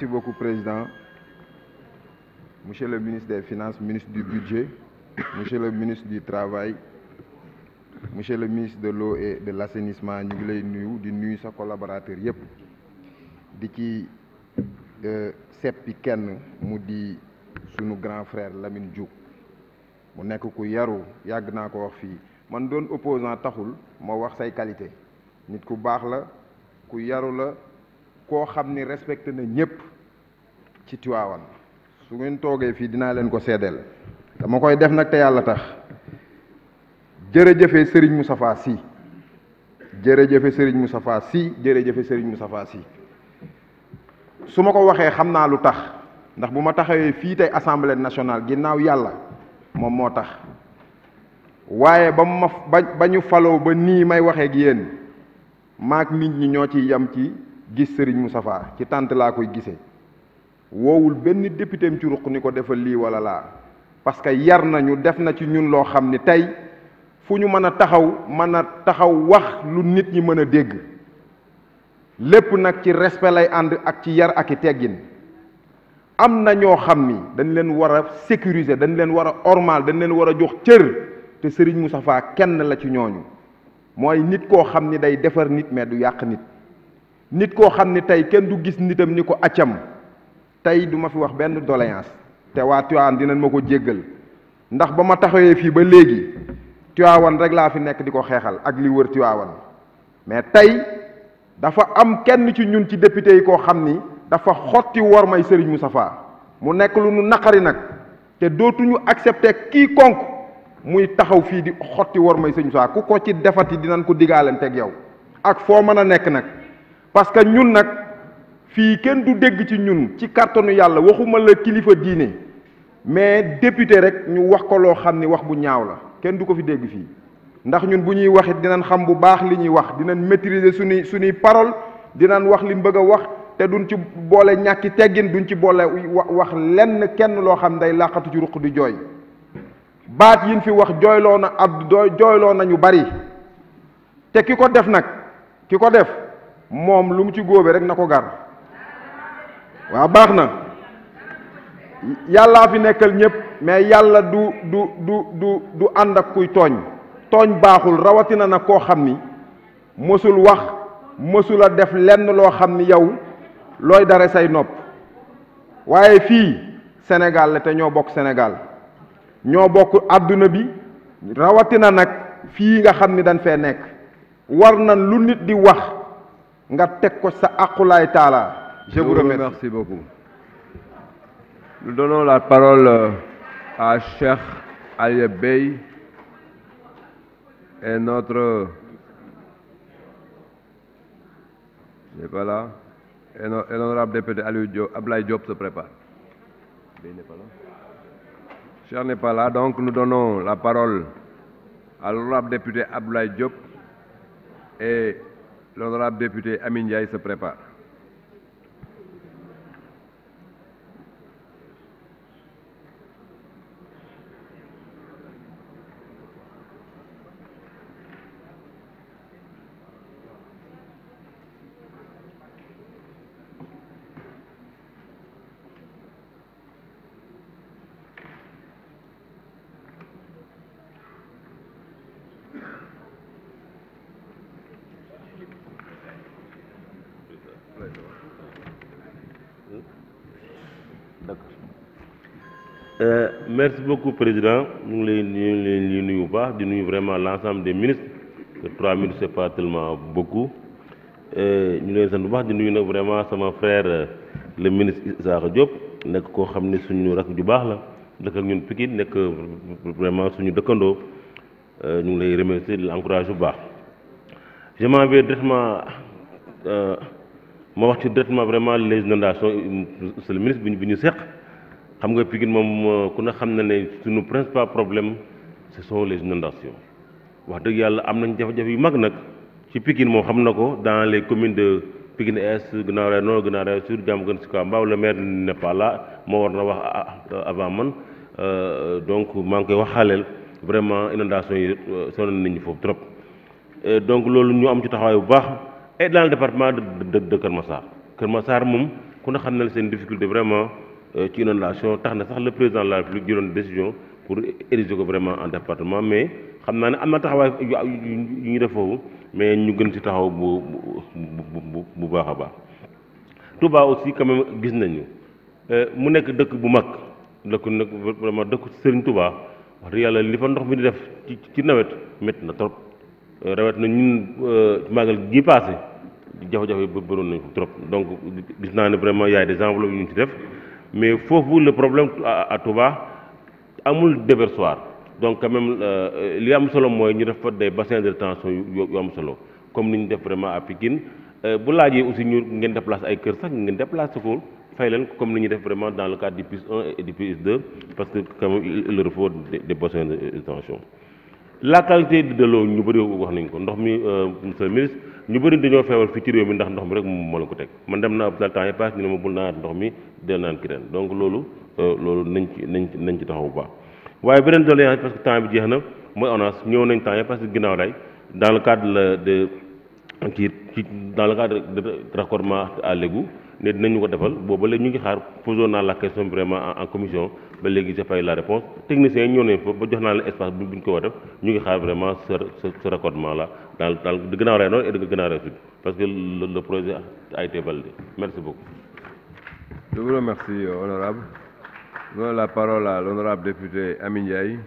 merci beaucoup président monsieur le ministre des finances ministre du budget monsieur le ministre du travail monsieur le ministre de l'eau de l'assainissement ñu ngi lay nuyu di nuyu sa collaborateur yëpp di ci euh, seppi kenn mu di sunu grand frère Lamine Diouk mu nekk ku yaru yàgg naa ko wax fii man doon opposant taxul ma wax say qualité nit ku baax la ku yaru la koo xam ni respecté na ñëpp ci Tiwaawan su ngeen toogee fii dinaa leen ko seedeel dama koy def nag te yàlla tax jërëjëfe Serigne Moustapha Sy jërëjëfe Serigne Moustapha Sy jërëjëfe Serigne Moustapha si su ma ko waxee xam naa lu tax ndax bu ma taxawee fii tey assemblée nationale ginnaaw yàlla moom moo tax waaye ba ma ba ba ñu faloo ba nii may waxee ak yéen maak nit ñi ñoo ci yam ci gis sëriñ Moustapha ci tànt laa koy gisee woowul benn députéem ci ruq ni ko defal lii wala laa parce que yar nañu def na ci ñun loo xam ni tey fu ñu mën a taxaw mën a taxaw wax lu nit ñi mën a dégg lépp nag ci respect lay ànd ak ci yar ak i teggin am na ñoo xam ni dañ leen war a sécuriser dañ leen war a ormal dañ leen war a jox cër te sëriñ Moustapha kenn la ci ñooñu mooy nit koo xam ni day defar nit mais du yàq nit nit koo xam ni tey kenn du gis nitam ni ko accam tey duma fi wax benn doléance te waa Tivaouane dinañ ma ko jéggal ndax ba ma taxawee fii ba léegi Tivaouane rek laa fi nekk di ko xeexal ak li wër Tivaouane mais tey dafa am kenn ci ñun ci député yi koo xam ni dafa xotti wor may Serigne Moustapha mu nekk lu nu naqari nag te dootuñu accepter quiconque muy taxaw fii di xotti wor may Serigne Moustapha ku ko ci defati dinañ ko digaalanteeg yow ak foo mën a nekk nag parce que ñun nag fii kenn du dégg ci ñun ci kàttanu yàlla waxuma la kilifa diine mais député rek ñu wax ko loo xam ni wax bu ñaaw la kenn du ko fi dégg fii ndax ñun bu ñuy wax it xam bu baax li ñuy wax dinañ maîtriser suñuy suñuy parole dinañ wax li mu bëgg a wax te duñ ci boole ñàkki teggin duñ ci boole wax lenn kenn loo xam day làqatu ci ruq di jooy baat yin fi wax jooyloo na ab jooyloo na ñu bari te ki ko def nag ki ko def moom lu mu ci góobee rek na ko gar waaw baax na yàllaa fi nekkal ñépp mais yàlla du du du du du ànd ak kuy tooñ tooñ baaxul rawatina nag koo xam ni mësul wax mësula def lenn loo xam ni yow looy dara say nopp waaye fii Sénégal la te ñoo bokk senegal ñoo bokk àdduna bi rawatina nag fii nga xam ni dañ fee nekk war na lu nit di wax nga teg ko sa aqulaay taala je vous remercie merci beaucoup nous la parole euh, à Cheikh Ali Bey et notre n'est pas là et l'honorable député Aliou Diop se prépare Bey n'est pas là Cheikh n'est pas là donc nous donnons la parole à l'honorable député Ablaye l'honorable député Amine Ndiaye se prépare Euh, merci beaucoup président ñu ngi lay ñu ngi lay nuyu bu baax di nuyu vraiment l' ensemble des ministres que trois minutes c' est pas tellement beaucoup euh, ñu leen sant bu baax di nuyu nag vraiment sama frère le ministre Isaaxa Diop nekk koo xam ne suñu rakk ju baax la dëkk ñun Pikine nekk vraiment suñu dëkkandoo euh, ñu ngi lay remercier di la bu baax je m'en vais directement ma wax ci directement vraiment les inondations monsieur le ministre bi ñu bi ñu seq xam nga Pikine moom euh, ku ne xam na ne suñu principal problème ce sont les inondations wax dëgg yàlla am nañ jafe-jafe yu mag nag ci piquine moom xam na ko dans les communes de Pikine Est Guinaw Rail a Guinaw Rail Sud Diamaguène Sicap Mbao le maire n'est pas là moo war na wax ah, ah, avant man euh, donc maa ngi koy waxaaleel vraiment inondation yi euh, sonal nañu foofu trop donc loolu ñu am ci taxawaay bu baax et dans le département de de Kër Massar Kër Massar moom ku vraiment. Euh, ci inondation tax na sax le président de la République jëloon décision pour ériger ko vraiment en département mais xam naa ne am na taxawaay yu ñu def foofu mais ñu gën ci taxaw bu bu bu baax a baax. Touba aussi quand même gis nañu euh, mu nekk dëkk bu mag dëkk nag vraiment dëkk Serigne Touba wax dëgg yàlla li fa ndox mi di def ci ci nawet métti na trop euh, rawet na ñun màggal gi passé yi jafe bëroon nañu ko trop donc gis naa ne vraiment y a des enveloppes yu ñu ci def. mais foofu le problème à Touba amul déversoir donc quand même euh, euh, li am solo mooy ñu def fa des bassins de rétention yu am solo comme ni ñu def vraiment à Pikine euh, bu laajee aussi ñu ngeen déplacer ay kër sax ngeen déplacer ko fay leen comme ni ñu def vraiment dans le cadre du PIS 1 parce que quand même il leur faut des bassins de rétention la qualité de ñu bëri wax nañ ko ndox mi euh, monsieur le ministre ñu bëri dañoo feebar fii ci réew mi ndax ndox mi rek moo la ko teg man dem naa hôpital temps yi passe ñu ne ma bul naanaat ndox mi del naan kireen donc loolu euh, loolu nañ ci nañ nañ ci taxaw bu baax waaye beneen doléance parce que temps bi jeex na mooy ONAS ñëw nañ temps yi parce que ginnaaw day dans le cadre de ci ci dans le cadre ne dinañu ko defal boobu ba léegi ñu ngi xaar posé naa la question vraiment en commission ba léegi j'ai pas eu la réponse techniciens yi ñëw nañu fa ba jox naa la espace bu ñu ko war a def ñu ngi xaar vraiment ce ce raccordement là dans dans de Guinaw Rails Nord et de Guinaw Rails Sud parce que le, le projet a été validé merci beaucoup. Je vous remercie la parole à l'honorable député Amy